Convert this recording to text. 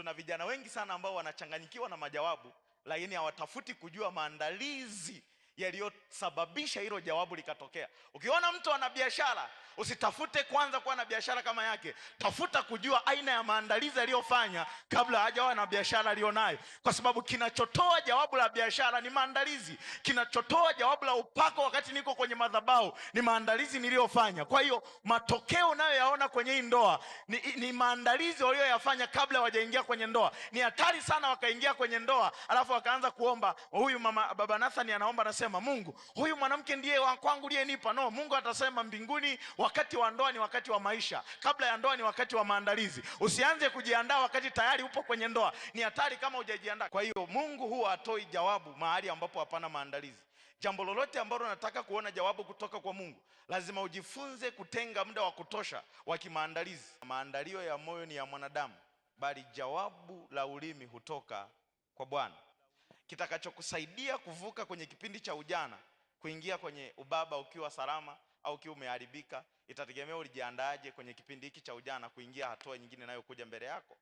tuna vijana wengi sana ambao wanachanganyikiwa na majawabu, lakini hawatafuti kujua maandalizi yaliyosababisha hilo jawabu likatokea. Ukiona mtu ana biashara Usitafute kwanza kuwa na biashara kama yake, tafuta kujua aina ya maandalizi aliyofanya kabla hajawa na biashara aliyonayo, kwa sababu kinachotoa jawabu la biashara ni maandalizi. Kinachotoa jawabu la upako wakati niko kwenye madhabahu ni maandalizi niliyofanya. Kwa hiyo matokeo unayoyaona kwenye hii ndoa ni, ni maandalizi walioyafanya kabla hawajaingia kwenye ndoa. Ni hatari sana wakaingia kwenye ndoa alafu wakaanza kuomba, huyu mama baba Nathani anaomba anasema, Mungu, huyu mwanamke ndiye wa kwangu, ndiye nipa. No, Mungu atasema mbinguni wa wakati wa ndoa ni wakati wa maisha, kabla ya ndoa ni wakati wa maandalizi. Usianze kujiandaa wakati tayari upo kwenye ndoa, ni hatari kama hujajiandaa. Kwa hiyo Mungu huwa atoi jawabu mahali ambapo hapana maandalizi. Jambo lolote ambalo unataka kuona jawabu kutoka kwa Mungu, lazima ujifunze kutenga muda wa kutosha wa kimaandalizi. Maandalio ya moyo ni ya mwanadamu, bali jawabu la ulimi hutoka kwa Bwana. Kitakachokusaidia kuvuka kwenye kipindi cha ujana Kuingia kwenye ubaba ukiwa salama au ukiwa umeharibika itategemea ulijiandaaje kwenye kipindi hiki cha ujana kuingia hatua nyingine inayokuja mbele yako.